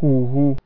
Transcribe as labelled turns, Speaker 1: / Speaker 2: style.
Speaker 1: Who who